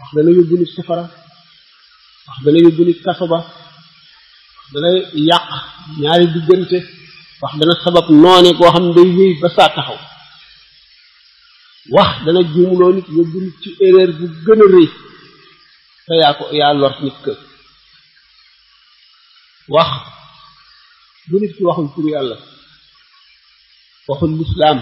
wax dana yóbbu nit safara wax dana yóbbu nit kaso ba wax dana yàq ñaari diggante wax dana sabab noone koo xam ne day wéy ba saa taxaw wax dana juumloo nit yóbbu nit ci erreur bu gën a rëy te yaa ko yaa lor nit kër wax bu nit ki waxul pour yàlla waxul lislaam